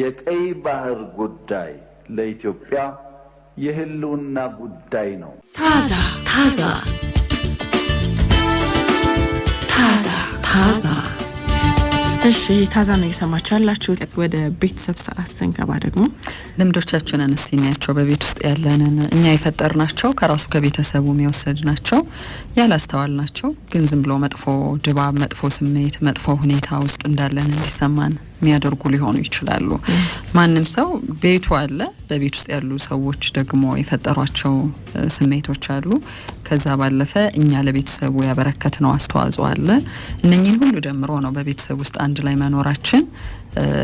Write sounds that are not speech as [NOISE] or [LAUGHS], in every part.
የቀይ ባህር ጉዳይ ለኢትዮጵያ የህልውና ጉዳይ ነው። ታዛ ታዛ ታዛ ታዛ። እሺ ታዛ ነው እየሰማችሁ ያላችሁት። ወደ ቤተሰብ ሰዓት ስንገባ ደግሞ ልምዶቻችን አነስተኛቸው በቤት ውስጥ ያለንን እኛ ናቸው ከራሱ ከቤተሰቡ የሚወሰድ ናቸው ያላስተዋል ናቸው። ግን ዝም ብሎ መጥፎ ድባብ፣ መጥፎ ስሜት፣ መጥፎ ሁኔታ ውስጥ እንዳለን እንዲሰማን የሚያደርጉ ሊሆኑ ይችላሉ። ማንም ሰው ቤቱ አለ። በቤት ውስጥ ያሉ ሰዎች ደግሞ የፈጠሯቸው ስሜቶች አሉ። ከዛ ባለፈ እኛ ለቤተሰቡ ያበረከትነው አስተዋጽኦ አለ። እነኚህን ሁሉ ደምሮ ነው በቤተሰብ ውስጥ አንድ ላይ መኖራችን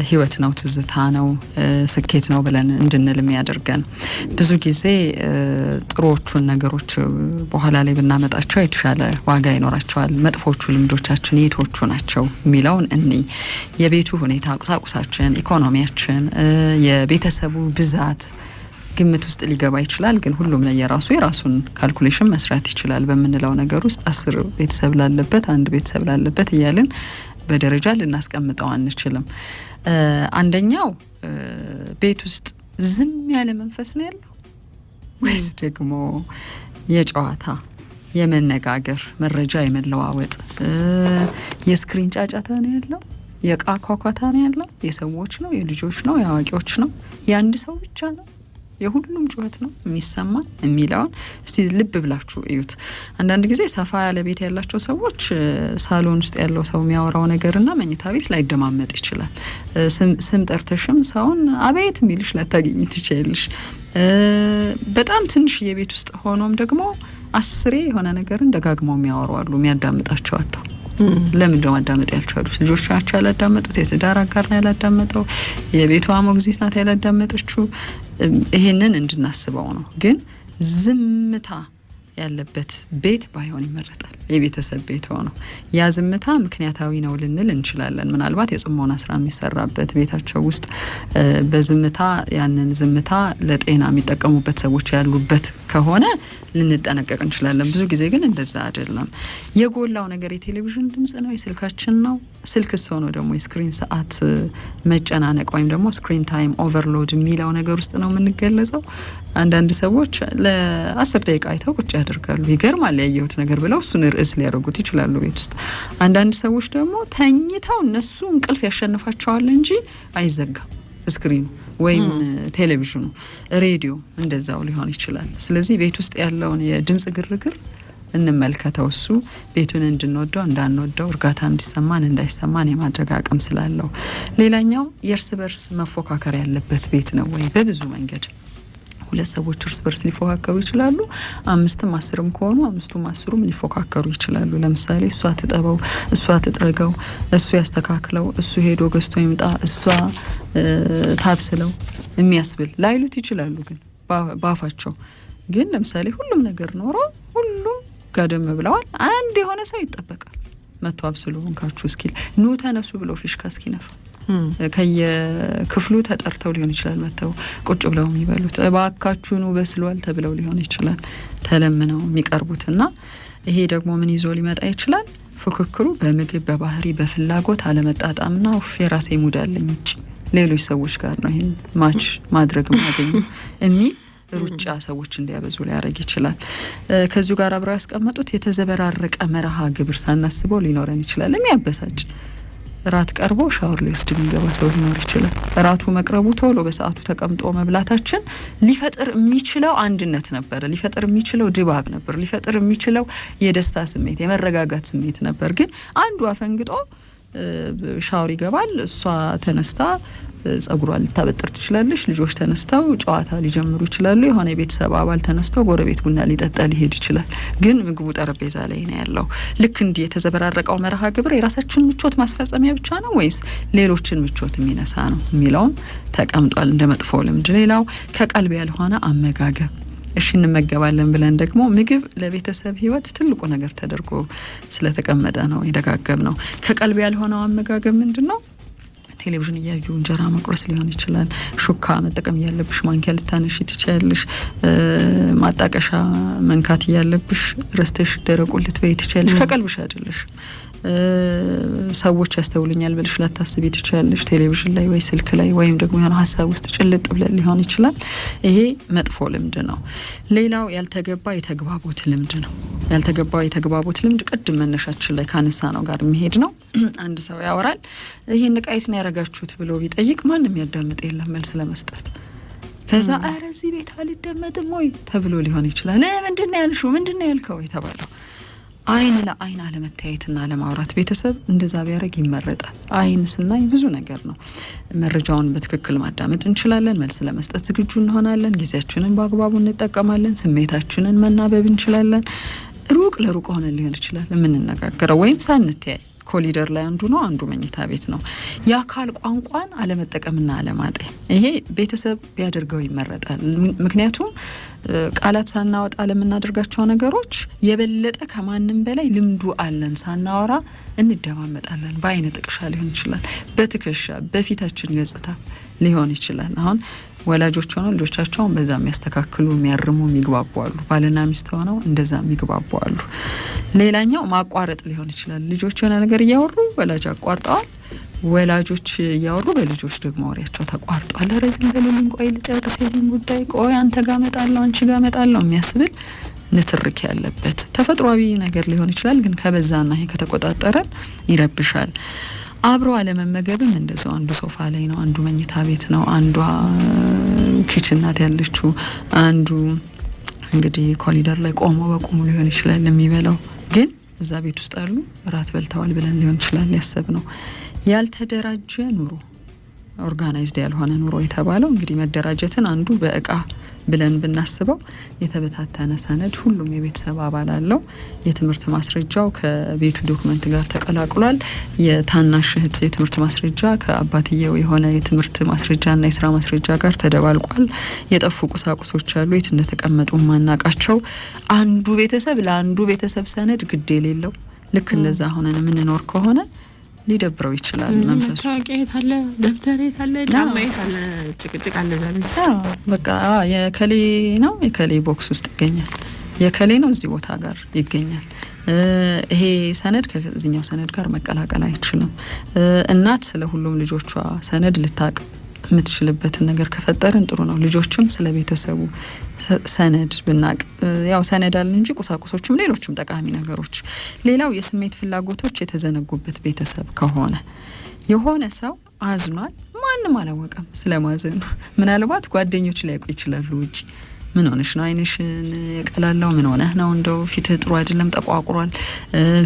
ህይወት ነው፣ ትዝታ ነው፣ ስኬት ነው ብለን እንድንል የሚያደርገን ብዙ ጊዜ ጥሩዎቹን ነገሮች በኋላ ላይ ብናመጣቸው የተሻለ ዋጋ ይኖራቸዋል። መጥፎቹ ልምዶቻችን የቶቹ ናቸው የሚለውን እኒ የቤቱ ሁኔታ፣ ቁሳቁሳችን፣ ኢኮኖሚያችን፣ የቤተሰቡ ብዛት ግምት ውስጥ ሊገባ ይችላል። ግን ሁሉም ላይ የራሱ የራሱን ካልኩሌሽን መስራት ይችላል። በምንለው ነገር ውስጥ አስር ቤተሰብ ላለበት አንድ ቤተሰብ ላለበት እያልን በደረጃ ልናስቀምጠው አንችልም። አንደኛው ቤት ውስጥ ዝም ያለ መንፈስ ነው ያለው ወይስ ደግሞ የጨዋታ የመነጋገር መረጃ የመለዋወጥ የስክሪን ጫጫታ ነው ያለው? የእቃ ኳኳታ ነው ያለው? የሰዎች ነው? የልጆች ነው? የአዋቂዎች ነው? የአንድ ሰው ብቻ ነው? የሁሉም ጩኸት ነው የሚሰማ የሚለውን እስቲ ልብ ብላችሁ እዩት። አንዳንድ ጊዜ ሰፋ ያለ ቤት ያላቸው ሰዎች ሳሎን ውስጥ ያለው ሰው የሚያወራው ነገርና መኝታ ቤት ላይደማመጥ ይችላል። ስም ጠርተሽም ሰውን አቤት የሚልሽ ላታገኝ ትችያለሽ። በጣም ትንሽ የቤት ውስጥ ሆኖም ደግሞ አስሬ የሆነ ነገርን ደጋግመው የሚያወሩ አሉ፣ የሚያዳምጣቸው አጥተው ለምን እንደው ያልቻሉ ያልቻሉት ልጆቻቸው ያላዳመጡት፣ የትዳር አጋር ነው ያላዳመጠው፣ የቤቷ ሞግዚት ናት ያላዳመጠችው። ይሄንን እንድናስበው ነው። ግን ዝምታ ያለበት ቤት ባይሆን ይመረጣል። የቤተሰብ ቤት ሆኖ ያ ዝምታ ምክንያታዊ ነው ልንል እንችላለን። ምናልባት የጽሞና ስራ የሚሰራበት ቤታቸው ውስጥ በዝምታ ያንን ዝምታ ለጤና የሚጠቀሙበት ሰዎች ያሉበት ከሆነ ልንጠነቀቅ እንችላለን። ብዙ ጊዜ ግን እንደዛ አይደለም። የጎላው ነገር የቴሌቪዥን ድምጽ ነው፣ የስልካችን ነው። ስልክ ሆኖ ደግሞ የስክሪን ሰዓት መጨናነቅ ወይም ደግሞ ስክሪን ታይም ኦቨርሎድ የሚለው ነገር ውስጥ ነው የምንገለጸው። አንዳንድ ሰዎች ለአስር ደቂቃ አይተው ቁጭ ያደርጋሉ። ይገርማል ያየሁት ነገር ብለው እሱን ርዕስ ሊያደርጉት ይችላሉ ቤት ውስጥ። አንዳንድ ሰዎች ደግሞ ተኝተው እነሱ እንቅልፍ ያሸንፋቸዋል እንጂ አይዘጋም ስክሪኑ ወይም ቴሌቪዥኑ፣ ሬዲዮ እንደዛው ሊሆን ይችላል። ስለዚህ ቤት ውስጥ ያለውን የድምፅ ግርግር እንመልከተው። እሱ ቤቱን እንድንወደው እንዳንወደው፣ እርጋታ እንዲሰማን እንዳይሰማን የማድረግ አቅም ስላለው። ሌላኛው የእርስ በርስ መፎካከር ያለበት ቤት ነው ወይ በብዙ መንገድ ሁለት ሰዎች እርስ በርስ ሊፎካከሩ ይችላሉ። አምስትም አስርም ከሆኑ አምስቱም አስሩም ሊፎካከሩ ይችላሉ። ለምሳሌ እሷ ትጠበው፣ እሷ ትጥረገው፣ እሱ ያስተካክለው፣ እሱ ሄዶ ገዝቶ ይምጣ፣ እሷ ታብስለው የሚያስብል ላይሉት ይችላሉ። ግን ባፋቸው ግን ለምሳሌ ሁሉም ነገር ኖሮ ሁሉም ጋደም ብለዋል። አንድ የሆነ ሰው ይጠበቃል። መቶ አብስሎ ሆንካችሁ እስኪል ኑ ተነሱ ብሎ ፊሽካ እስኪነፋ ከየክፍሉ ተጠርተው ሊሆን ይችላል መጥተው ቁጭ ብለው የሚበሉት። እባካችሁኑ በስሏል ተብለው ሊሆን ይችላል ተለምነው የሚቀርቡትና ይሄ ደግሞ ምን ይዞ ሊመጣ ይችላል? ፉክክሩ በምግብ በባህሪ በፍላጎት አለመጣጣምና ውፍ የራሴ ሙድ አለኝ ሌሎች ሰዎች ጋር ነው ይህን ማች ማድረግ ማገኙ የሚል ሩጫ ሰዎች እንዲያበዙ ሊያደርግ ይችላል። ከዚሁ ጋር አብረው ያስቀመጡት የተዘበራረቀ መርሃ ግብር ሳናስበው ሊኖረን ይችላል የሚያበሳጭ እራት ቀርቦ ሻወር ሊወስድ የሚገባ ሰው ሊኖር ይችላል። ራቱ መቅረቡ ቶሎ በሰዓቱ ተቀምጦ መብላታችን ሊፈጥር የሚችለው አንድነት ነበረ፣ ሊፈጥር የሚችለው ድባብ ነበር፣ ሊፈጥር የሚችለው የደስታ ስሜት የመረጋጋት ስሜት ነበር። ግን አንዱ አፈንግጦ ሻወር ይገባል፣ እሷ ተነስታ ጸጉሯ ልታበጥር ትችላለች። ልጆች ተነስተው ጨዋታ ሊጀምሩ ይችላሉ። የሆነ የቤተሰብ አባል ተነስተው ጎረቤት ቡና ሊጠጣ ሊሄድ ይችላል። ግን ምግቡ ጠረጴዛ ላይ ነው ያለው። ልክ እንዲህ የተዘበራረቀው መርሃ ግብር የራሳችን ምቾት ማስፈጸሚያ ብቻ ነው ወይስ ሌሎችን ምቾት የሚነሳ ነው የሚለውም ተቀምጧል እንደ መጥፎ ልምድ። ሌላው ከቀልብ ያልሆነ አመጋገብ እሺ እንመገባለን ብለን ደግሞ ምግብ ለቤተሰብ ህይወት ትልቁ ነገር ተደርጎ ስለተቀመጠ ነው የደጋገብ ነው። ከቀልብ ያልሆነው አመጋገብ ምንድን ነው? ቴሌቪዥን እያዩ እንጀራ መቁረስ ሊሆን ይችላል። ሹካ መጠቀም እያለብሽ ማንኪያ ልታነሺ ትችያለሽ። ማጣቀሻ መንካት እያለብሽ ረስተሽ ደረቁ ልትበይ ትችያለሽ። ከቀልብሽ አይደለሽ ሰዎች ያስተውሉኛል ብልሽ ላታስቢ ትችላለሽ። ቴሌቪዥን ላይ ወይ ስልክ ላይ ወይም ደግሞ የሆነ ሀሳብ ውስጥ ጭልጥ ብለ ሊሆን ይችላል። ይሄ መጥፎ ልምድ ነው። ሌላው ያልተገባ የተግባቦት ልምድ ነው። ያልተገባ የተግባቦት ልምድ ቅድም መነሻችን ላይ ካነሳ ነው ጋር የሚሄድ ነው። [CLEARS THROAT] አንድ ሰው ያወራል። ይሄን ንቃይት ነው ያረጋችሁት ብሎ ቢጠይቅ ማንም ያዳምጥ የለም መልስ ለመስጠት ከዛ አረ እዚህ ቤት አልደመጥም ወይ ተብሎ ሊሆን ይችላል። ምንድን ነው ያልሽው? ምንድን ነው ያልከው የተባለው አይን ለአይን አለመታየትና አለማውራት ቤተሰብ እንደዛ ቢያደርግ ይመረጣል። አይን ስናይ ብዙ ነገር ነው። መረጃውን በትክክል ማዳመጥ እንችላለን። መልስ ለመስጠት ዝግጁ እንሆናለን። ጊዜያችንን በአግባቡ እንጠቀማለን። ስሜታችንን መናበብ እንችላለን። ሩቅ ለሩቅ ሆነን ሊሆን ይችላል የምንነጋገረው ወይም ሳንተያይ ኮሊደር ላይ አንዱ ነው፣ አንዱ መኝታ ቤት ነው። የአካል ቋንቋን አለመጠቀምና አለማጤ ይሄ ቤተሰብ ቢያደርገው ይመረጣል። ምክንያቱም ቃላት ሳናወጣ ለምናደርጋቸው ነገሮች የበለጠ ከማንም በላይ ልምዱ አለን። ሳናወራ እንደማመጣለን። በአይነ ጥቅሻ ሊሆን ይችላል፣ በትከሻ በፊታችን ገጽታ ሊሆን ይችላል። አሁን ወላጆች ሆነው ልጆቻቸውን በዛ የሚያስተካክሉ የሚያርሙ የሚግባቡ አሉ። ባልና ሚስት ሆነው እንደዛ የሚግባቡ አሉ። ሌላኛው ማቋረጥ ሊሆን ይችላል። ልጆች የሆነ ነገር እያወሩ ወላጅ አቋርጠዋል። ወላጆች እያወሩ በልጆች ደግሞ ወሬያቸው ተቋርጧል። ኧረ ዝም በልልኝ፣ ቆይ ልጨርስ ይህን ጉዳይ፣ ቆይ አንተ ጋ መጣለሁ፣ አንቺ ጋ መጣለሁ የሚያስብል ንትርክ ያለበት ተፈጥሯዊ ነገር ሊሆን ይችላል። ግን ከበዛና ይሄ ከተቆጣጠረን ይረብሻል። አብሮ አለመመገብም እንደዛው አንዱ ሶፋ ላይ ነው፣ አንዱ መኝታ ቤት ነው፣ አንዷ ኪችን ናት ያለችው፣ አንዱ እንግዲህ ኮሊደር ላይ ቆሞ በቁሙ ሊሆን ይችላል የሚበላው። ግን እዛ ቤት ውስጥ አሉ እራት በልተዋል ብለን ሊሆን ይችላል ያሰብ ነው። ያልተደራጀ ኑሮ ኦርጋናይዝድ ያልሆነ ኑሮ የተባለው እንግዲህ መደራጀትን አንዱ በእቃ ብለን ብናስበው የተበታተነ ሰነድ ሁሉም የቤተሰብ አባል አለው። የትምህርት ማስረጃው ከቤቱ ዶክመንት ጋር ተቀላቅሏል። የታናሽ እህት የትምህርት ማስረጃ ከአባትየው የሆነ የትምህርት ማስረጃና የስራ ማስረጃ ጋር ተደባልቋል። የጠፉ ቁሳቁሶች አሉ፣ የት እንደተቀመጡ ማናቃቸው። አንዱ ቤተሰብ ለአንዱ ቤተሰብ ሰነድ ግድ የሌለው ልክ እንደዛ ሆነን የምንኖር ከሆነ ሊደብረው ይችላል። መንፈሱ በቃ የከሌ ነው የከሌ ቦክስ ውስጥ ይገኛል። የከሌ ነው እዚህ ቦታ ጋር ይገኛል። ይሄ ሰነድ ከዚኛው ሰነድ ጋር መቀላቀል አይችልም። እናት ስለ ሁሉም ልጆቿ ሰነድ ልታቅ የምትችልበትን ነገር ከፈጠርን ጥሩ ነው። ልጆችም ስለ ቤተሰቡ ሰነድ ብናቅ ያው ሰነድ አለ እንጂ ቁሳቁሶችም ሌሎችም ጠቃሚ ነገሮች። ሌላው የስሜት ፍላጎቶች የተዘነጉበት ቤተሰብ ከሆነ የሆነ ሰው አዝኗል፣ ማንም አላወቀም ስለማዘኑ። ምናልባት ጓደኞች ሊያውቁ ይችላሉ ውጭ። ምን ሆነሽ ነው አይንሽን ያቅጥላለው? ምን ሆነህ ነው እንደው ፊትህ ጥሩ አይደለም፣ ጠቋቁሯል፣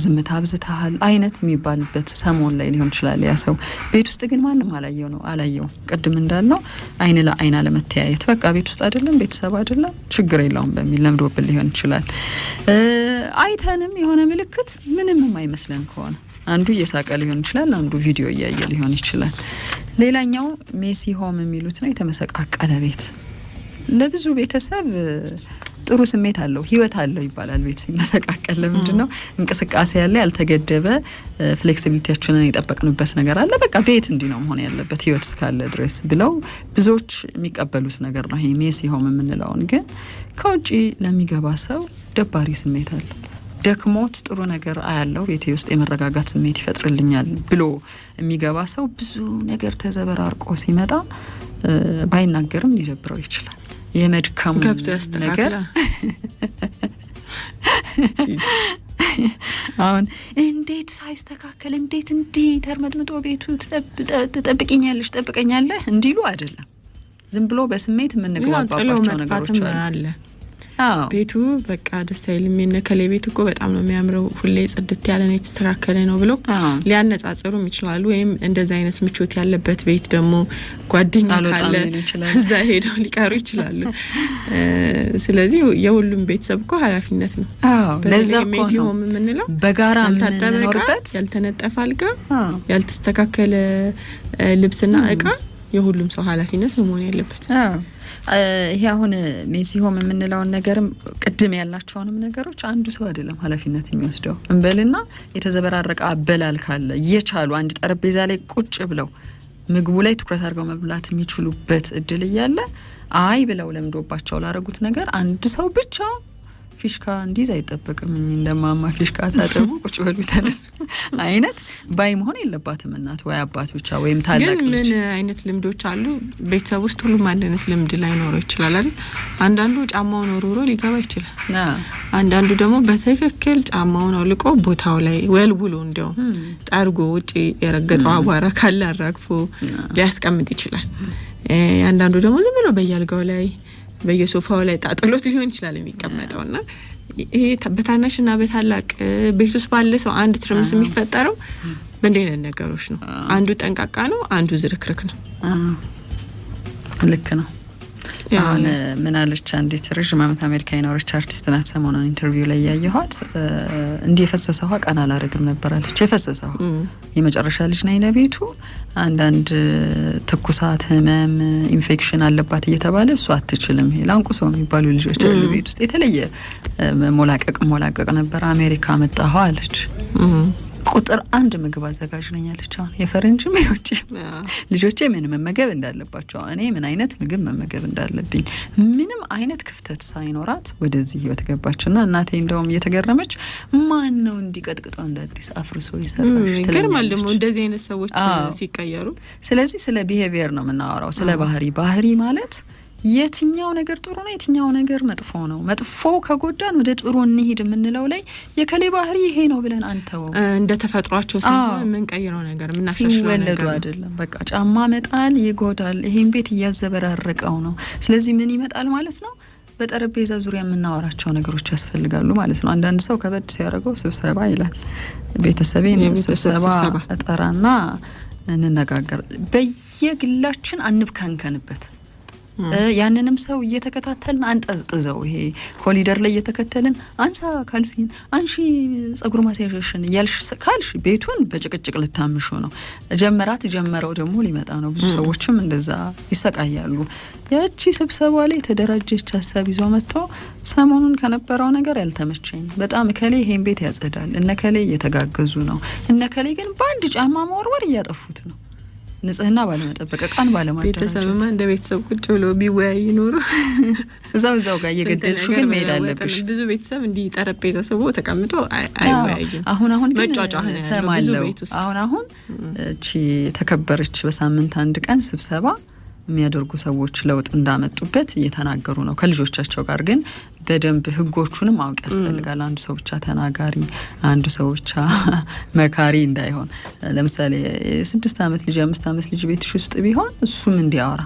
ዝምታ አብዝተሃል አይነት የሚባልበት ሰሞን ላይ ሊሆን ይችላል ያ ሰው። ቤት ውስጥ ግን ማንም አላየው ነው አላየው። ቅድም እንዳልነው አይን ለአይን አለመተያየት፣ በቃ ቤት ውስጥ አይደለም ቤተሰብ አይደለም ችግር የለውም በሚል ለምዶብን ሊሆን ይችላል። አይተንም የሆነ ምልክት ምንም አይመስለን ከሆነ አንዱ እየሳቀ ሊሆን ይችላል፣ አንዱ ቪዲዮ እያየ ሊሆን ይችላል። ሌላኛው ሜሲ ሆም የሚሉት ነው የተመሰቃቀለ ቤት ለብዙ ቤተሰብ ጥሩ ስሜት አለው፣ ህይወት አለው ይባላል። ቤት ሲመሰቃቀል ለምንድን ነው? እንቅስቃሴ ያለ ያልተገደበ ፍሌክሲቢሊቲያችንን የጠበቅንበት ነገር አለ። በቃ ቤት እንዲህ ነው መሆን ያለበት ህይወት እስካለ ድረስ ብለው ብዙዎች የሚቀበሉት ነገር ነው። ይሄ ሜስ ሆም የምንለውን ግን ከውጭ ለሚገባ ሰው ደባሪ ስሜት አለው። ደክሞት ጥሩ ነገር አያለው ቤቴ ውስጥ የመረጋጋት ስሜት ይፈጥርልኛል ብሎ የሚገባ ሰው ብዙ ነገር ተዘበራርቆ ሲመጣ ባይናገርም ሊደብረው ይችላል። የመድከሙ ነገር አሁን እንዴት ሳይስተካከል እንዴት እንዲህ ተርመጥምጦ ቤቱ ትጠብቅኛለሽ ጠብቀኛለህ እንዲሉ አይደለም። ዝም ብሎ በስሜት የምንግባባባቸው ነገሮች አለ። ቤቱ በቃ ደስ አይልም፣ የነከሌ ቤት እኮ በጣም ነው የሚያምረው፣ ሁሌ ጽድት ያለ ነው፣ የተስተካከለ ነው ብሎ ሊያነጻጽሩም ይችላሉ። ወይም እንደዚህ አይነት ምቾት ያለበት ቤት ደግሞ ጓደኛ ካለ እዛ ሄደው ሊቀሩ ይችላሉ። [LAUGHS] ስለዚህ የሁሉም ቤተሰብ እኮ ኃላፊነት ነው። ሆም የምንለው በጋራ ያልታጠበበት ያልተነጠፈ አልጋ፣ ያልተስተካከለ ልብስና እቃ የሁሉም ሰው ኃላፊነት ነው መሆን ያለበት። ይሄ አሁን ሜሲ ሆም የምንለውን ነገርም ቅድም ያላቸውንም ነገሮች አንዱ ሰው አይደለም ኃላፊነት የሚወስደው እንበልና የተዘበራረቀ አበላል ካለ እየቻሉ አንድ ጠረጴዛ ላይ ቁጭ ብለው ምግቡ ላይ ትኩረት አድርገው መብላት የሚችሉበት እድል እያለ አይ ብለው ለምዶባቸው ላረጉት ነገር አንድ ሰው ብቻ ፊሽካ እንዲይዝ አይጠበቅም። እንደማማ ፊሽካ ታጠቡ፣ ቁጭ በሉ፣ ተነሱ አይነት ባይ መሆን የለባትም እናት ወይ አባት ብቻ ወይም ታላቅ ግን ምን አይነት ልምዶች አሉ ቤተሰብ ውስጥ ሁሉም አንድ አይነት ልምድ ላይኖረው ይችላል አይደል? አንዳንዱ ጫማውን ወርውሮ ሊገባ ይችላል። አንዳንዱ ደግሞ በትክክል ጫማውን አውልቆ ቦታው ላይ ወልውሎ እንዲያውም ጠርጎ ውጭ የረገጠው አቧራ ካለ አራግፎ ሊያስቀምጥ ይችላል። አንዳንዱ ደግሞ ዝም ብሎ በያልጋው ላይ በየሶፋው ላይ ጣጥሎት ሊሆን ይችላል የሚቀመጠው እና ይሄ በታናሽ እና በታላቅ ቤት ውስጥ ባለ ሰው አንድ ትርምስ የሚፈጠረው በእንዲህ ነገሮች ነው። አንዱ ጠንቃቃ ነው፣ አንዱ ዝርክርክ ነው። ልክ ነው። አሁን ምን አለች አንዲት ረዥም ዓመት አሜሪካ የኖረች አርቲስት ናት። ሰሞኑን ኢንተርቪው ላይ ያየኋት እንዲህ የፈሰሰ ውሃ ቀን አላረግም ነበራለች። የፈሰሰ ውሃ የመጨረሻ ልጅ ናይ ለቤቱ አንዳንድ ትኩሳት፣ ህመም፣ ኢንፌክሽን አለባት እየተባለ እሱ አትችልም ላንቁሶ የሚባሉ ልጆች ያሉ ቤት ውስጥ የተለየ ሞላቀቅ ሞላቀቅ ነበር። አሜሪካ መጣኋ አለች። ቁጥር አንድ ምግብ አዘጋጅ ነኛለች። አሁን የፈረንጅ የውጭ ልጆቼ ምን መመገብ እንዳለባቸው፣ እኔ ምን አይነት ምግብ መመገብ እንዳለብኝ ምንም አይነት ክፍተት ሳይኖራት ወደዚህ ህይወት ገባችና እናቴ እንደውም እየተገረመች ማን ነው እንዲቀጥቅጦ እንደ አዲስ አፍርሶ የሰራሽ ትለኛለች። ደግሞ እንደዚህ አይነት ሰዎች ሲቀየሩ፣ ስለዚህ ስለ ቢሄቪየር ነው የምናወራው ስለ ባህሪ ባህሪ ማለት የትኛው ነገር ጥሩ ነው፣ የትኛው ነገር መጥፎ ነው፣ መጥፎ ከጎዳን ወደ ጥሩ እንሂድ የምንለው ላይ የከሌ ባህሪ ይሄ ነው ብለን አንተው እንደ ተፈጥሯቸው ሳይሆን የምንቀይረው ነገር ሲወለዱ አይደለም። በቃ ጫማ መጣል ይጎዳል፣ ይሄን ቤት እያዘበራረቀው ነው። ስለዚህ ምን ይመጣል ማለት ነው? በጠረጴዛ ዙሪያ የምናወራቸው ነገሮች ያስፈልጋሉ ማለት ነው። አንዳንድ ሰው ከበድ ሲያደርገው ስብሰባ ይላል። ቤተሰቤን ስብሰባ እጠራና እንነጋገር። በየግላችን አንብከንከንበት። ያንንም ሰው እየተከታተልን አንጠዝጥዘው ይሄ ኮሊደር ላይ እየተከተልን አንሳ ካልሲን አንሺ ጸጉር ማስያዣሽን እያልሽ ካልሽ ቤቱን በጭቅጭቅ ልታምሹ ነው። ጀመራት ጀመረው ደግሞ ሊመጣ ነው። ብዙ ሰዎችም እንደዛ ይሰቃያሉ። ያቺ ስብሰባ ላይ የተደራጀች ሀሳብ ይዞ መጥቶ ሰሞኑን ከነበረው ነገር ያልተመቸኝ በጣም እከሌ ይሄን ቤት ያጸዳል፣ እነከሌ እየተጋገዙ ነው፣ እነከሌ ግን በአንድ ጫማ መወርወር እያጠፉት ነው ንጽህና ባለመጠበቅ እቃን ባለማዳራት ቤተሰብማ እንደ ቤተሰብ ቁጭ ብሎ ቢወያይ ይኖሩ እዛው እዛው ጋር እየገደልሹ ግን መሄድ አለብሽ። ብዙ ቤተሰብ እንዲህ ጠረጴዛ ስቦ ተቀምጦ አይወያይም። አሁን አሁን ግን ሰማለው። አሁን አሁን እቺ ተከበረች በሳምንት አንድ ቀን ስብሰባ የሚያደርጉ ሰዎች ለውጥ እንዳመጡበት እየተናገሩ ነው። ከልጆቻቸው ጋር ግን በደንብ ህጎቹንም ማወቅ ያስፈልጋል። አንዱ ሰው ብቻ ተናጋሪ፣ አንዱ ሰው ብቻ [LAUGHS] መካሪ እንዳይሆን። ለምሳሌ የስድስት ዓመት ልጅ የአምስት ዓመት ልጅ ቤትሽ ውስጥ ቢሆን እሱም እንዲያወራ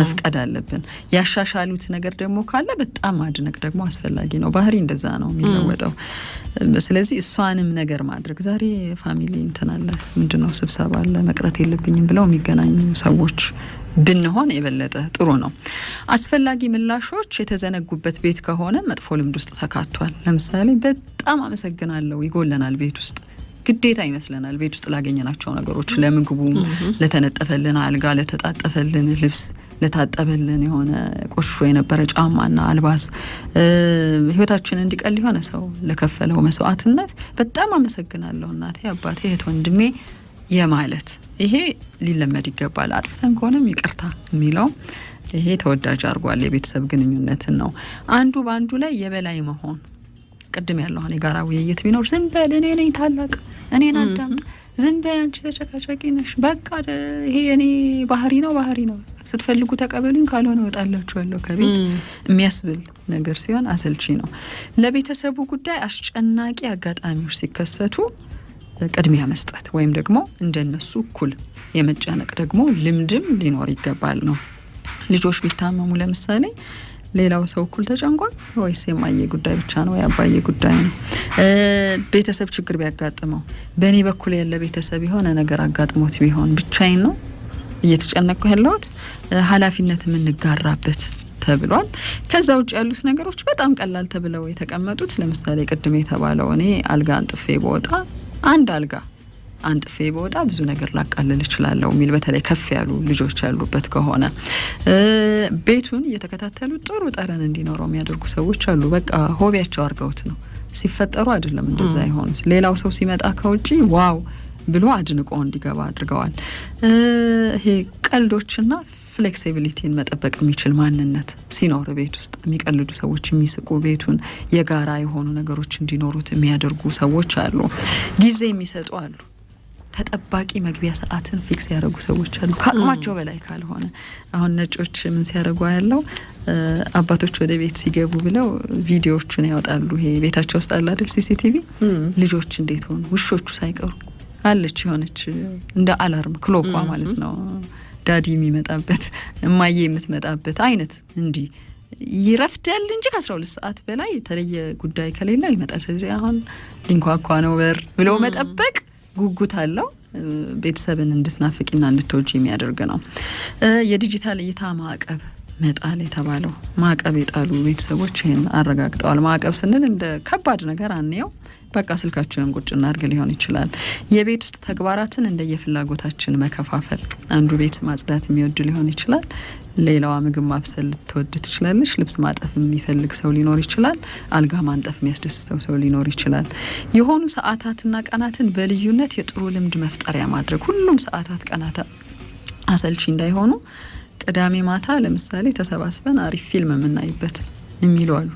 መፍቀድ አለብን። ያሻሻሉት ነገር ደግሞ ካለ በጣም ማድነቅ ደግሞ አስፈላጊ ነው። ባህሪ እንደዛ ነው የሚለወጠው። ስለዚህ እሷንም ነገር ማድረግ ዛሬ ፋሚሊ እንትን አለ ምንድነው ስብሰባ አለ መቅረት የለብኝም ብለው የሚገናኙ ሰዎች ብንሆን የበለጠ ጥሩ ነው። አስፈላጊ ምላሾች የተዘነጉበት ቤት ከሆነ መጥፎ ልምድ ውስጥ ተካቷል። ለምሳሌ በጣም አመሰግናለሁ ይጎለናል ቤት ውስጥ ግዴታ ይመስለናል። ቤት ውስጥ ላገኘናቸው ነገሮች ለምግቡም፣ ለተነጠፈልን አልጋ፣ ለተጣጠፈልን ልብስ፣ ለታጠበልን የሆነ ቆሾ የነበረ ጫማና አልባስ ህይወታችን እንዲቀል የሆነ ሰው ለከፈለው መስዋዕትነት በጣም አመሰግናለሁ እናቴ፣ አባቴ፣ እህት፣ ወንድሜ የማለት ይሄ ሊለመድ ይገባል። አጥፍተን ከሆነም ይቅርታ የሚለው ይሄ ተወዳጅ አድርጓል። የቤተሰብ ግንኙነትን ነው አንዱ በአንዱ ላይ የበላይ መሆን። ቅድም ያለውን የጋራ ውይይት ቢኖር ዝም በል እኔ ነኝ ታላቅ፣ እኔን አዳምጥ፣ ዝም በይ አንቺ ተጨቃጫቂ ነሽ፣ በቃ ይሄ እኔ ባህሪ ነው ባህሪ ነው፣ ስትፈልጉ ተቀበሉኝ፣ ካልሆነ እወጣላችኋለሁ ከቤት የሚያስብል ነገር ሲሆን አሰልቺ ነው። ለቤተሰቡ ጉዳይ አስጨናቂ አጋጣሚዎች ሲከሰቱ ቅድሚያ መስጠት ወይም ደግሞ እንደነሱ እኩል የመጨነቅ ደግሞ ልምድም ሊኖር ይገባል ነው። ልጆች ቢታመሙ ለምሳሌ ሌላው ሰው እኩል ተጨንቋል ወይስ የማየ ጉዳይ ብቻ ነው የአባዬ ጉዳይ ነው? ቤተሰብ ችግር ቢያጋጥመው በእኔ በኩል ያለ ቤተሰብ የሆነ ነገር አጋጥሞት ቢሆን ብቻዬን ነው እየተጨነቅኩ ያለሁት ኃላፊነት የምንጋራበት ተብሏል። ከዛ ውጭ ያሉት ነገሮች በጣም ቀላል ተብለው የተቀመጡት ለምሳሌ ቅድም የተባለው እኔ አልጋ አንጥፌ በወጣ አንድ አልጋ አንጥፌ በወጣ ብዙ ነገር ላቃልል እችላለሁ የሚል በተለይ ከፍ ያሉ ልጆች ያሉበት ከሆነ ቤቱን እየተከታተሉ ጥሩ ጠረን እንዲኖረው የሚያደርጉ ሰዎች አሉ። በቃ ሆቢያቸው አድርገውት ነው ሲፈጠሩ አይደለም እንደዛ የሆኑት። ሌላው ሰው ሲመጣ ከውጭ ዋው ብሎ አድንቆ እንዲገባ አድርገዋል። ይሄ ቀልዶችና ፍሌክሲቢሊቲን መጠበቅ የሚችል ማንነት ሲኖር ቤት ውስጥ የሚቀልዱ ሰዎች፣ የሚስቁ ቤቱን የጋራ የሆኑ ነገሮች እንዲኖሩት የሚያደርጉ ሰዎች አሉ። ጊዜ የሚሰጡ አሉ። ተጠባቂ መግቢያ ሰዓትን ፊክስ ያደረጉ ሰዎች አሉ። ከአቅማቸው በላይ ካልሆነ አሁን ነጮች ምን ሲያደርጉ ያለው አባቶች ወደ ቤት ሲገቡ ብለው ቪዲዮዎቹን ያወጣሉ። ይሄ ቤታቸው ውስጥ አለ አይደል ሲሲቲቪ። ልጆች እንዴት ሆኑ ውሾቹ ሳይቀሩ አለች የሆነች እንደ አላርም ክሎኳ ማለት ነው ዳዲ የሚመጣበት እማዬ የምትመጣበት አይነት እንዲህ ይረፍዳል እንጂ ከአስራ ሁለት ሰዓት በላይ የተለየ ጉዳይ ከሌለው ይመጣል። ስለዚህ አሁን ሊንኳኳ ነው በር ብሎ መጠበቅ ጉጉት አለው። ቤተሰብን እንድትናፍቂና እንድትወጅ የሚያደርግ ነው። የዲጂታል እይታ ማዕቀብ መጣል የተባለው ማዕቀብ የጣሉ ቤተሰቦች ይህን አረጋግጠዋል። ማዕቀብ ስንል እንደ ከባድ ነገር አንየው፣ በቃ ስልካችንን ቁጭ እናርግ ሊሆን ይችላል። የቤት ውስጥ ተግባራትን እንደየፍላጎታችን መከፋፈል፣ አንዱ ቤት ማጽዳት የሚወድ ሊሆን ይችላል፣ ሌላዋ ምግብ ማብሰል ልትወድ ትችላለች። ልብስ ማጠፍ የሚፈልግ ሰው ሊኖር ይችላል፣ አልጋ ማንጠፍ የሚያስደስተው ሰው ሊኖር ይችላል። የሆኑ ሰዓታትና ቀናትን በልዩነት የጥሩ ልምድ መፍጠሪያ ማድረግ ሁሉም ሰዓታት ቀናት አሰልቺ እንዳይሆኑ ቅዳሜ ማታ ለምሳሌ ተሰባስበን አሪፍ ፊልም የምናይበት የሚሉ አሉ።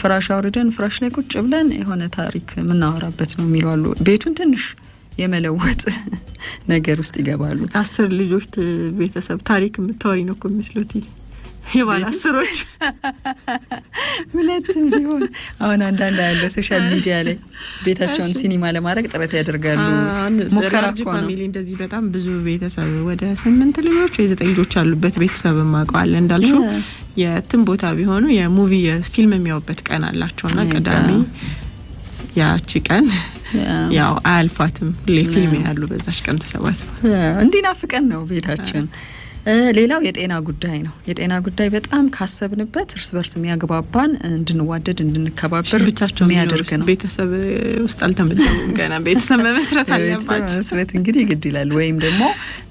ፍራሽ አውርደን ፍራሽ ላይ ቁጭ ብለን የሆነ ታሪክ የምናወራበት ነው የሚሉ አሉ። ቤቱን ትንሽ የመለወጥ [LAUGHS] ነገር ውስጥ ይገባሉ። አስር ልጆች ቤተሰብ ታሪክ የምታወሪ ነው እኮ የሚመስሉት የባለ አስሮች [LAUGHS] ሁለትም ቢሆን አሁን አንዳንድ ያለ ሶሻል ሚዲያ ላይ ቤታቸውን ሲኒማ ለማድረግ ጥረት ያደርጋሉ። ሙከራ እንደዚህ በጣም ብዙ ቤተሰብ ወደ ስምንት ልጆች ወይ ዘጠኝ ልጆች ያሉበት ቤተሰብ ማቀዋለ እንዳልሹ የትም ቦታ ቢሆኑ የሙቪ የፊልም የሚያውበት ቀን አላቸውና ቅዳሜ ያቺ ቀን ያው አያልፏትም። ሁሌ ፊልም ያሉ በዛች ቀን ተሰባስበው እንዲናፍቀን ነው ቤታችን ሌላው የጤና ጉዳይ ነው። የጤና ጉዳይ በጣም ካሰብንበት እርስ በርስ የሚያግባባን እንድንዋደድ፣ እንድንከባበር ብቻቸው የሚያደርግ ነው። ቤተሰብ ውስጥ አልተመደቡም ገና ቤተሰብ መመስረት አለባቸው። መስረት እንግዲህ ግድ ይላል። ወይም ደግሞ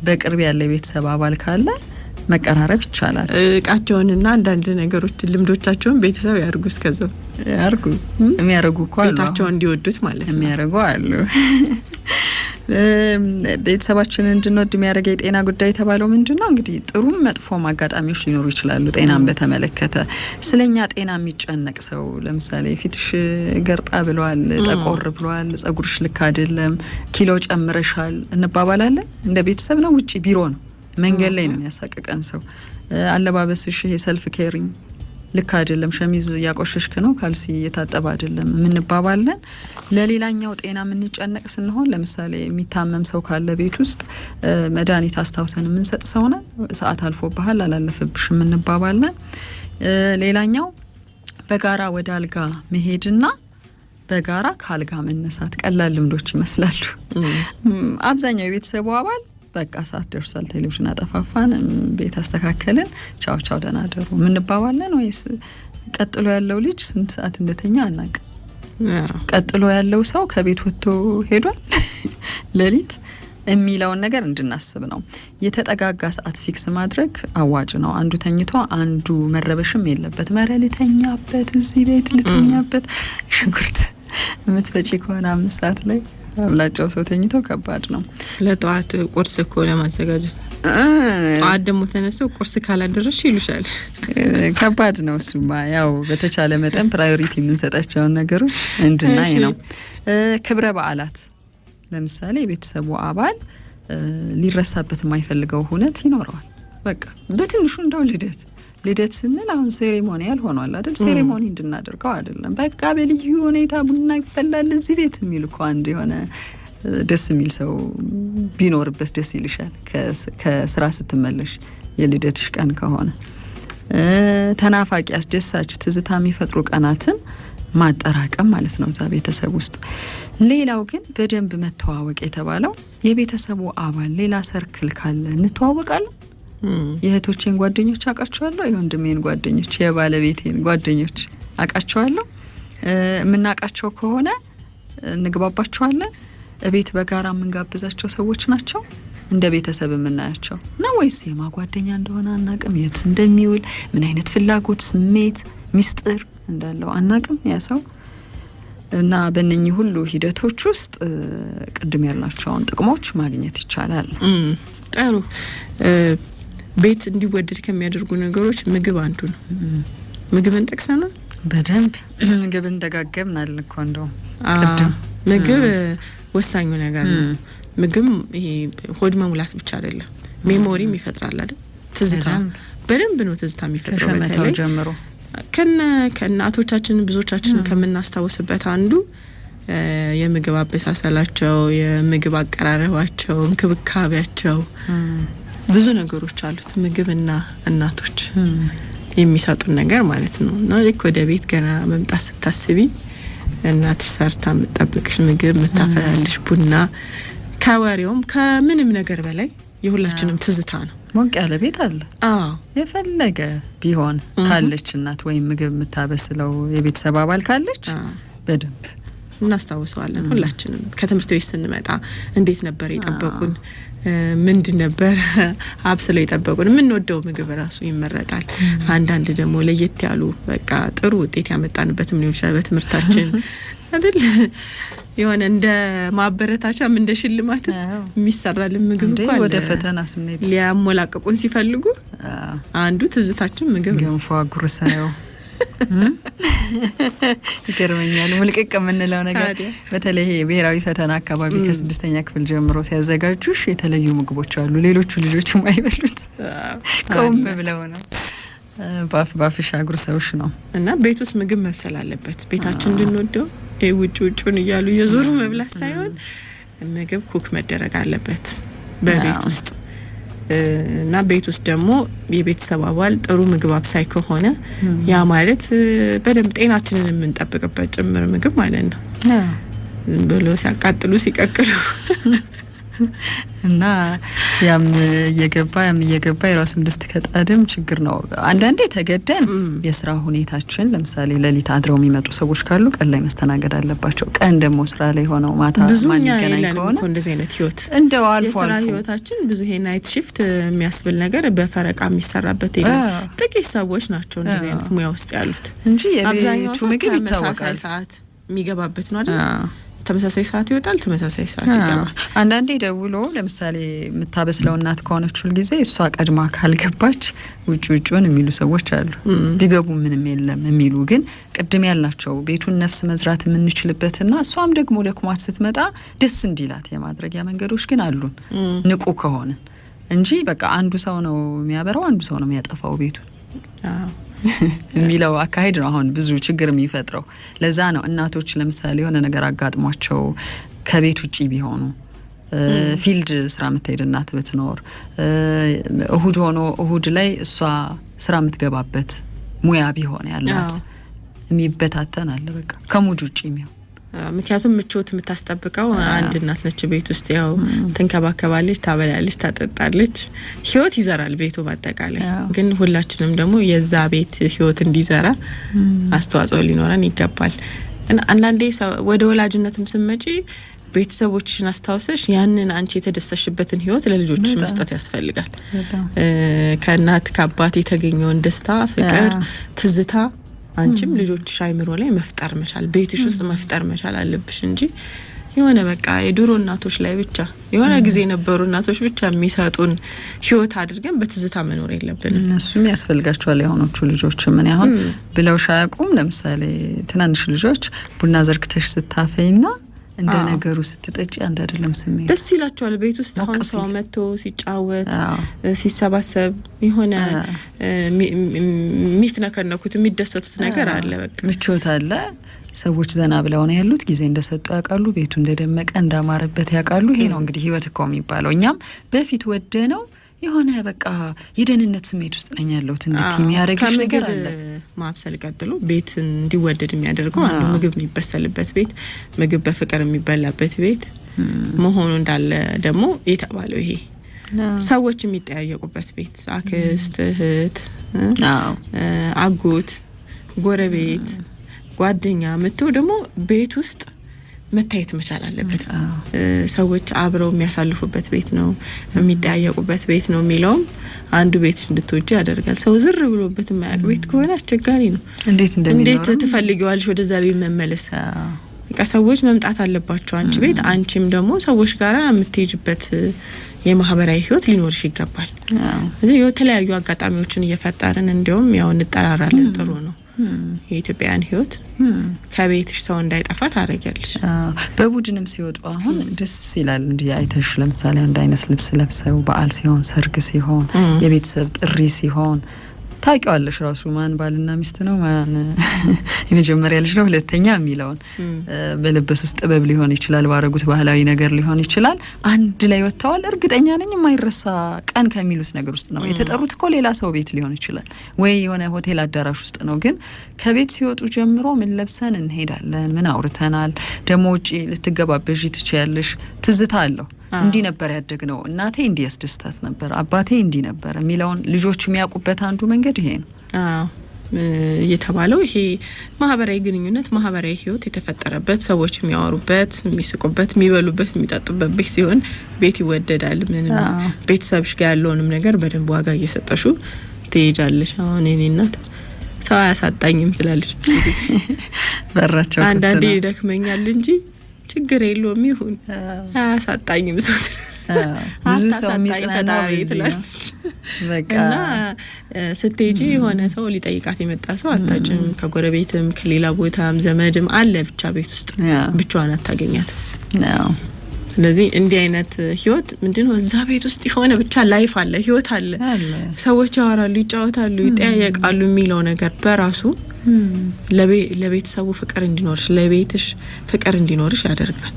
በቅርብ ያለ ቤተሰብ አባል ካለ መቀራረብ ይቻላል። እቃቸውንና አንዳንድ ነገሮች ልምዶቻቸውን ቤተሰብ ያርጉ። እስከዛው ያርጉ። የሚያረጉ እኮ አሉ። ቤታቸውን እንዲወዱት ማለት ነው። የሚያረጉ አሉ። ቤተሰባችን እንድንወድ የሚያደርገ የጤና ጉዳይ የተባለው ምንድን ነው? እንግዲህ ጥሩም መጥፎም አጋጣሚዎች ሊኖሩ ይችላሉ። ጤናን በተመለከተ ስለኛ ጤና የሚጨነቅ ሰው ለምሳሌ ፊትሽ ገርጣ ብሏል፣ ጠቆር ብሏል፣ ጸጉርሽ ልክ አይደለም፣ ኪሎ ጨምረሻል እንባባላለን። እንደ ቤተሰብ ነው፣ ውጭ ቢሮ ነው፣ መንገድ ላይ ነው ያሳቀቀን ሰው አለባበስሽ ይሄ ሰልፍ ኬሪንግ ልክ አይደለም፣ ሸሚዝ እያቆሸሽክ ነው፣ ካልሲ እየታጠበ አይደለም የምንባባለን። ለሌላኛው ጤና የምንጨነቅ ስንሆን፣ ለምሳሌ የሚታመም ሰው ካለ ቤት ውስጥ መድኃኒት አስታውሰን የምንሰጥ ሰውነ ሰዓት አልፎብሃል አላለፈብሽ የምንባባለን። ሌላኛው በጋራ ወደ አልጋ መሄድና በጋራ ከአልጋ መነሳት ቀላል ልምዶች ይመስላሉ። አብዛኛው የቤተሰቡ አባል በቃ ሰዓት ደርሷል፣ ቴሌቪዥን አጠፋፋን፣ ቤት አስተካከልን፣ ቻው ቻው፣ ደህና ደሩ ወይስ ቀጥሎ ያለው ልጅ ስንት ሰዓት እንደተኛ አናቅ። ቀጥሎ ያለው ሰው ከቤት ወጥቶ ሄዷል [LAUGHS] ሌሊት የሚለውን ነገር እንድናስብ ነው። የተጠጋጋ ሰዓት ፊክስ ማድረግ አዋጭ ነው። አንዱ ተኝቶ አንዱ መረበሽም የለበት። መረ ልተኛበት፣ እዚህ ቤት ልተኛበት፣ ሽንኩርት የምትፈጪ ከሆነ አምስት ሰዓት ላይ አብላጫው ሰው ተኝተው ከባድ ነው። ለጠዋት ቁርስ እኮ ለማዘጋጀት ጠዋት ደግሞ ተነሰው ቁርስ ካላደረሽ ይሉሻል። ከባድ ነው እሱማ። ያው በተቻለ መጠን ፕራዮሪቲ የምንሰጣቸውን ነገሮች እንድናይ ነው። ክብረ በዓላት ለምሳሌ የቤተሰቡ አባል ሊረሳበት የማይፈልገው ሁነት ይኖረዋል። በቃ በትንሹ እንደው ልደት ልደት ስንል አሁን ሴሬሞኒያል ሆኗል አይደል? ሴሬሞኒ እንድናደርገው አይደለም። በቃ በልዩ ሁኔታ ቡና ይፈላል እዚህ ቤት የሚል እኮ አንድ የሆነ ደስ የሚል ሰው ቢኖርበት ደስ ይልሻል። ከስራ ስትመለሽ የልደትሽ ቀን ከሆነ ተናፋቂ፣ አስደሳች ትዝታ የሚፈጥሩ ቀናትን ማጠራቀም ማለት ነው እዛ ቤተሰብ ውስጥ። ሌላው ግን በደንብ መተዋወቅ የተባለው የቤተሰቡ አባል ሌላ ሰርክል ካለ እንተዋወቃለን የእህቶቼን ጓደኞች አውቃቸዋለሁ። የወንድሜን ጓደኞች፣ የባለቤቴን ጓደኞች አውቃቸዋለሁ። የምናውቃቸው ከሆነ እንግባባቸዋለን። እቤት በጋራ የምንጋብዛቸው ሰዎች ናቸው እንደ ቤተሰብ የምናያቸው ነው ወይስ የማ ጓደኛ እንደሆነ አናቅም። የት እንደሚውል ምን አይነት ፍላጎት፣ ስሜት፣ ሚስጥር እንዳለው አናቅም ያ ሰው እና በእነኚህ ሁሉ ሂደቶች ውስጥ ቅድም ያልናቸውን ጥቅሞች ማግኘት ይቻላል። ጥሩ ቤት እንዲወደድ ከሚያደርጉ ነገሮች ምግብ አንዱ ነው። ምግብን ጠቅሰናል በደንብ ምግብ እንደጋገብ ናልን እኮ እንደው ምግብ ወሳኙ ነገር ነው። ምግብ ይሄ ሆድ መሙላት ብቻ አይደለም፣ ሜሞሪም ይፈጥራል አይደል? ትዝታ በደንብ ነው ትዝታ የሚፈጥረው። በተለይ ጀምሮ ከነ ከእናቶቻችን ብዙዎቻችን ከምናስታውስበት አንዱ የምግብ አበሳሰላቸው፣ የምግብ አቀራረባቸው፣ እንክብካቤያቸው ብዙ ነገሮች አሉት። ምግብና እናቶች የሚሰጡን ነገር ማለት ነው እና ልክ ወደ ቤት ገና መምጣት ስታስቢ እናትሽ ሰርታ የምጠብቅሽ ምግብ የምታፈላልሽ ቡና ከወሬውም ከምንም ነገር በላይ የሁላችንም ትዝታ ነው። ሞቅ ያለ ቤት አለ። አዎ የፈለገ ቢሆን ካለች እናት ወይም ምግብ የምታበስለው የቤተሰብ አባል ካለች በደንብ እናስታውሰዋለን። ሁላችንም ከትምህርት ቤት ስንመጣ እንዴት ነበር የጠበቁን ምንድን ነበር አብስለው [LAUGHS] የጠበቁን። የምንወደው ምግብ ራሱ ይመረጣል። አንዳንድ ደግሞ ለየት ያሉ በቃ ጥሩ ውጤት ያመጣንበትም ሊሆን ይችላል በትምህርታችን [LAUGHS] አይደል የሆነ እንደ ማበረታቻም እንደ ሽልማት የሚሰራልን ምግብ እንኳን ወደ ፈተና ስንሄድ ሊያሞላቀቁን ሲፈልጉ አንዱ ትዝታችን ምግብ ገንፎ አጉርሰው [LAUGHS] [LAUGHS] ይገርመኛል። ሙልቅቅ የምንለው ነገር በተለይ ብሔራዊ ፈተና አካባቢ ከስድስተኛ ክፍል ጀምሮ ሲያዘጋጁሽ የተለዩ ምግቦች አሉ። ሌሎቹ ልጆች የማይበሉት ቆም ብለው ነው ባፍ ባፍሽ ሰውሽ ነው። እና ቤት ውስጥ ምግብ መብሰል አለበት። ቤታችን እንድንወደው ውጭ ውጭውን እያሉ የዞሩ መብላት ሳይሆን ምግብ ኩክ መደረግ አለበት በቤት ውስጥ እና ቤት ውስጥ ደግሞ የቤተሰብ አባል ጥሩ ምግብ አብሳይ ከሆነ ያ ማለት በደንብ ጤናችንን የምንጠብቅበት ጭምር ምግብ ማለት ነው። ብሎ ሲያቃጥሉ ሲቀቅሉ [LAUGHS] እና ያም እየገባ ያም እየገባ የራሱን ድስት ከጣድም ችግር ነው። አንዳንዴ ተገደን የስራ ሁኔታችን ለምሳሌ ሌሊት አድረው የሚመጡ ሰዎች ካሉ ቀን ላይ መስተናገድ አለባቸው። ቀን ደግሞ ስራ ላይ ሆነው ማታ ማን ከሆነ እንደዚህ አይነት ህይወት እንደው አልፎ አልፎ ህይወታችን ብዙ ይሄ ናይት ሺፍት የሚያስብል ነገር በፈረቃ የሚሰራበት ጥቂት ሰዎች ናቸው እንደዚህ አይነት ሙያ ውስጥ ያሉት እንጂ የቤቱ ምግብ ይታወቃል ሰዓት የሚገባበት ነው አይደል ተመሳሳይ ሰዓት ይወጣል፣ ተመሳሳይ ሰዓት ይገባል። አንዳንዴ ደውሎ ለምሳሌ የምታበስለው እናት ከሆነች ሁልጊዜ ጊዜ እሷ ቀድማ ካልገባች ውጭ ውጭውን የሚሉ ሰዎች አሉ። ቢገቡ ምንም የለም የሚሉ ግን ቅድም ያልናቸው ቤቱን ነፍስ መዝራት የምንችልበትና እሷም ደግሞ ደክሟት ስትመጣ ደስ እንዲላት የማድረጊያ መንገዶች ግን አሉን ንቁ ከሆንን እንጂ በቃ አንዱ ሰው ነው የሚያበራው፣ አንዱ ሰው ነው የሚያጠፋው ቤቱን። [LAUGHS] የሚለው አካሄድ ነው አሁን ብዙ ችግር የሚፈጥረው። ለዛ ነው እናቶች ለምሳሌ የሆነ ነገር አጋጥሟቸው ከቤት ውጭ ቢሆኑ ፊልድ ስራ የምትሄድ እናት ብትኖር እሁድ ሆኖ እሁድ ላይ እሷ ስራ የምትገባበት ሙያ ቢሆን ያላት የሚበታተን አለ በቃ ከሙድ ውጭ የሚሆን ምክንያቱም ምቾት የምታስጠብቀው አንድ እናት ነች። ቤት ውስጥ ያው ትንከባከባለች፣ ታበላለች፣ ታጠጣለች፣ ህይወት ይዘራል ቤቱ በአጠቃላይ። ግን ሁላችንም ደግሞ የዛ ቤት ህይወት እንዲዘራ አስተዋጽኦ ሊኖረን ይገባል። አንዳንዴ ወደ ወላጅነትም ስመጪ ቤተሰቦችን አስታውሰሽ ያንን አንቺ የተደሰሽበትን ህይወት ለልጆች መስጠት ያስፈልጋል። ከእናት ከአባት የተገኘውን ደስታ፣ ፍቅር፣ ትዝታ አንቺም ልጆችሽ አይምሮ ላይ መፍጠር መቻል ቤትሽ ውስጥ መፍጠር መቻል አለብሽ እንጂ የሆነ በቃ የድሮ እናቶች ላይ ብቻ የሆነ ጊዜ የነበሩ እናቶች ብቻ የሚሰጡን ህይወት አድርገን በትዝታ መኖር የለብን። እነሱም ያስፈልጋቸዋል። የሆኖቹ ልጆች ምን ያሁን ብለው ሻያቁም። ለምሳሌ ትናንሽ ልጆች ቡና ዘርግተሽ ስታፈይና እንደ ነገሩ ስትጠጪ አንድ አይደለም ስሜት። ደስ ይላቸዋል። ቤት ውስጥ አሁን ሰው መጥቶ ሲጫወት ሲሰባሰብ የሆነ የሚፍነከነኩት የሚደሰቱት ነገር አለ። በቃ ምቾት አለ። ሰዎች ዘና ብለው ነው ያሉት። ጊዜ እንደሰጡ ያውቃሉ። ቤቱ እንደደመቀ እንዳማረበት ያውቃሉ። ይሄ ነው እንግዲህ ህይወት እኮ የሚባለው። እኛም በፊት ወደ ነው የሆነ በቃ የደህንነት ስሜት ውስጥ ነኝ ያለሁት። እንዴት የሚያደርግሽ ነገር አለ። ማብሰል ቀጥሎ ቤት እንዲወደድ የሚያደርገው አንዱ ምግብ የሚበሰልበት ቤት፣ ምግብ በፍቅር የሚበላበት ቤት መሆኑ እንዳለ ደግሞ የተባለው ይሄ ሰዎች የሚጠያየቁበት ቤት አክስት፣ እህት፣ አጎት፣ ጎረቤት፣ ጓደኛ ምቶ ደግሞ ቤት ውስጥ መታየት መቻል አለበት። ሰዎች አብረው የሚያሳልፉበት ቤት ነው፣ የሚጠያየቁበት ቤት ነው የሚለውም አንዱ ቤት እንድትወጅ ያደርጋል። ሰው ዝር ብሎበት የማያውቅ ቤት ከሆነ አስቸጋሪ ነው። እንዴት ትፈልጊዋለሽ ወደዛ ቤት መመለስ? በቃ ሰዎች መምጣት አለባቸው አንቺ ቤት፣ አንቺም ደግሞ ሰዎች ጋራ የምትሄጅበት የማህበራዊ ህይወት ሊኖርሽ ይገባል። ስለዚህ የተለያዩ አጋጣሚዎችን እየፈጠርን እንዲሁም ያው እንጠራራለን። ጥሩ ነው። የኢትዮጵያውያን ህይወት ከቤትሽ ሰው እንዳይጠፋ ታደርጊያለሽ። በቡድንም ሲወጡ አሁን ደስ ይላል እንዲ አይተሽ፣ ለምሳሌ አንድ አይነት ልብስ ለብሰው በዓል ሲሆን፣ ሰርግ ሲሆን፣ የቤተሰብ ጥሪ ሲሆን ታውቂዋለሽ ራሱ ማን ባልና ሚስት ነው፣ ማን [LAUGHS] የመጀመሪያ ልጅ ነው፣ ሁለተኛ የሚለውን በልብስ ውስጥ ጥበብ ሊሆን ይችላል፣ ባረጉት ባህላዊ ነገር ሊሆን ይችላል። አንድ ላይ ወጥተዋል። እርግጠኛ ነኝ የማይረሳ ቀን ከሚሉት ነገር ውስጥ ነው የተጠሩት። እኮ ሌላ ሰው ቤት ሊሆን ይችላል ወይ የሆነ ሆቴል አዳራሽ ውስጥ ነው። ግን ከቤት ሲወጡ ጀምሮ ምን ለብሰን እንሄዳለን፣ ምን አውርተናል፣ ደግሞ ውጪ ልትገባበዥ ትችያለሽ፣ ትዝታ አለው እንዲህ ነበር ያደግ ነው እናቴ እንዲህ ያስደስታት ነበር አባቴ እንዲህ ነበር የሚለውን ልጆች የሚያውቁበት አንዱ መንገድ ይሄ ነው የተባለው ይሄ ማህበራዊ ግንኙነት ማህበራዊ ህይወት የተፈጠረበት ሰዎች የሚያወሩበት፣ የሚስቁበት፣ የሚበሉበት፣ የሚጠጡበት ቤት ሲሆን ቤት ይወደዳል። ምን ቤተሰብሽ ጋር ያለውንም ነገር በደንብ ዋጋ እየሰጠሹ ትሄጃለሽ። አሁን የኔ እናት ሰው አያሳጣኝም ትላለች ብዙ ጊዜ። በራቸው አንዳንዴ ይደክመኛል እንጂ ችግር የለውም ይሁን አያሳጣኝም ሰው ብዙ ሰው የሚጽናናው እና ስትሄጂ የሆነ ሰው ሊጠይቃት የመጣ ሰው አታጭም። ከጎረቤትም ከሌላ ቦታም ዘመድም አለ ብቻ ቤት ውስጥ ብቻዋን አታገኛት። ስለዚህ እንዲህ አይነት ህይወት ምንድነው እዛ ቤት ውስጥ የሆነ ብቻ ላይፍ አለ፣ ህይወት አለ። ሰዎች ያወራሉ፣ ይጫወታሉ፣ ይጠያየቃሉ የሚለው ነገር በራሱ ለቤተሰቡ ፍቅር እንዲኖርሽ ለቤትሽ ፍቅር እንዲኖርሽ ያደርጋል።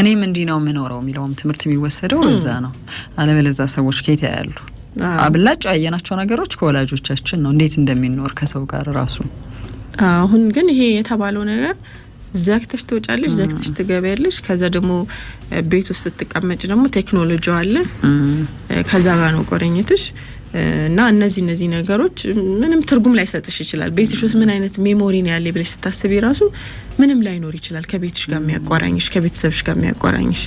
እኔም እንዲህ ነው የምኖረው የሚለውም ትምህርት የሚወሰደው እዛ ነው። አለበለዛ ሰዎች ከየት ያያሉ? አብላጭ ያየናቸው ነገሮች ከወላጆቻችን ነው፣ እንዴት እንደሚኖር ከሰው ጋር ራሱ። አሁን ግን ይሄ የተባለው ነገር ዘግተሽ ትወጫለሽ፣ ዘግተሽ ትገቢያለሽ። ከዛ ደግሞ ቤት ውስጥ ስትቀመጭ ደግሞ ቴክኖሎጂ አለ፣ ከዛ ጋር ነው ቆረኝትሽ እና እነዚህ እነዚህ ነገሮች ምንም ትርጉም ላይሰጥሽ ይችላል። ቤትሽ ውስጥ ምን አይነት ሜሞሪ ነው ያለ ብለሽ ስታስቢ ራሱ ምንም ላይኖር ይችላል ከቤትሽ ጋር የሚያቆራኝሽ ከቤተሰብሽ ጋር የሚያቆራኝሽ።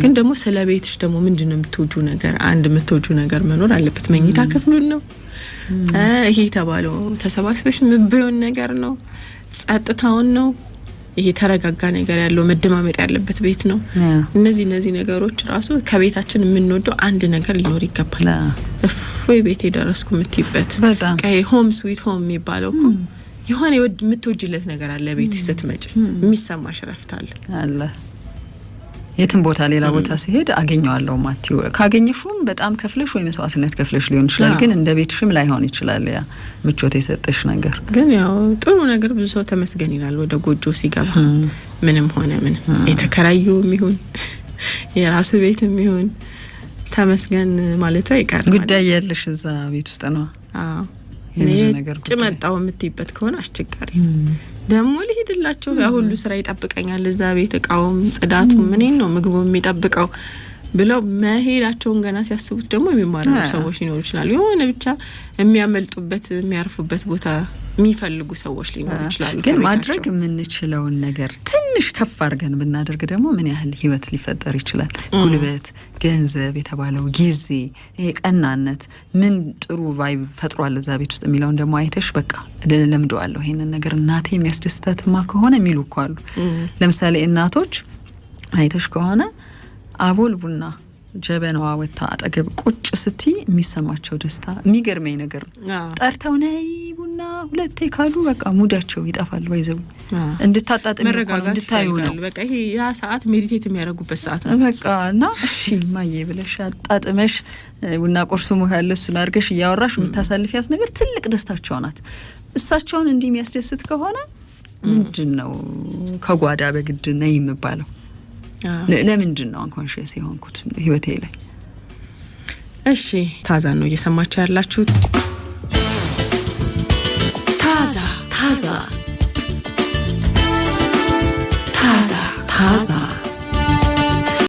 ግን ደግሞ ስለ ቤትሽ ደግሞ ምንድን ነው የምትወጁ ነገር፣ አንድ የምትወጁ ነገር መኖር አለበት። መኝታ ክፍሉን ነው ይሄ የተባለው ተሰባስበሽ ምብዩን ነገር ነው ጸጥታውን ነው ይሄ ተረጋጋ ነገር ያለው መደማመጥ ያለበት ቤት ነው። እነዚህ እነዚህ ነገሮች ራሱ ከቤታችን የምንወደው አንድ ነገር ሊኖር ይገባል። እፎይ ቤት የደረስኩ የምትይበት ሆም ስዊት ሆም የሚባለው የሆነ የምትወጅለት ነገር አለ። ቤት ስትመጭ የሚሰማሽ ረፍት አለ። የትም ቦታ ሌላ ቦታ ሲሄድ አገኘዋለሁ ማቲው ካገኘሹም በጣም ከፍለሽ ወይ መስዋዕትነት ከፍለሽ ሊሆን ይችላል፣ ግን እንደ ቤትሽም ላይሆን ይችላል። ያ ምቾት የሰጠሽ ነገር ግን ያው ጥሩ ነገር ብዙ ሰው ተመስገን ይላል ወደ ጎጆ ሲገባ ምንም ሆነ ምንም የተከራየው የሚሆን የራሱ ቤት የሚሆን ተመስገን ማለቱ አይቀርም። ጉዳይ ያለሽ እዛ ቤት ውስጥ ነው። ጭመጣው የምትይበት ከሆነ አስቸጋሪ ደግሞ ሊሄድላቸው ያ ሁሉ ስራ ይጠብቀኛል እዛ ቤት እቃውም፣ ጽዳቱ፣ ምን ነው ምግቡ የሚጠብቀው ብለው መሄዳቸውን ገና ሲያስቡት ደግሞ የሚማረሩ ሰዎች ሊኖሩ ይችላሉ። የሆነ ብቻ የሚያመልጡበት የሚያርፉበት ቦታ የሚፈልጉ ሰዎች ሊኖሩ ይችላሉ። ግን ማድረግ የምንችለውን ነገር ትንሽ ከፍ አድርገን ብናደርግ ደግሞ ምን ያህል ህይወት ሊፈጠር ይችላል? ጉልበት፣ ገንዘብ የተባለው ጊዜ፣ ይሄ ቀናነት ምን ጥሩ ቫይብ ፈጥሯል እዛ ቤት ውስጥ የሚለውን ደግሞ አይተሽ በቃ ለምደዋለሁ ይሄንን ነገር እናቴ የሚያስደስታትማ ከሆነ የሚሉ እኮ አሉ። ለምሳሌ እናቶች አይተሽ ከሆነ አቦል ቡና ጀበናዋ ወታ አጠገብ ቁጭ ስቲ የሚሰማቸው ደስታ የሚገርመኝ ነገር ነው። ጠርተው ነይ ቡና ሁለቴ ካሉ በቃ ሙዳቸው ይጠፋል። ባይዘው እንድታጣጥሚ እንድታዩ ነው። ያ ሰዓት ሜዲቴት የሚያደርጉበት ሰዓት ነው። በቃ እና እሺ ማየ ብለሽ አጣጥመሽ ቡና ቁርሱ ያለ እሱን አድርገሽ እያወራሽ የምታሳልፊያት ነገር ትልቅ ደስታቸው ናት። እሳቸውን እንዲህ የሚያስደስት ከሆነ ምንድን ነው ከጓዳ በግድ ነይ የምባለው? ለምንድን ነው አንኮንሽስ የሆንኩት ህይወቴ ላይ? እሺ ታዛ ነው እየሰማችሁ ያላችሁት። ታዛ ታዛ ታዛ ታዛ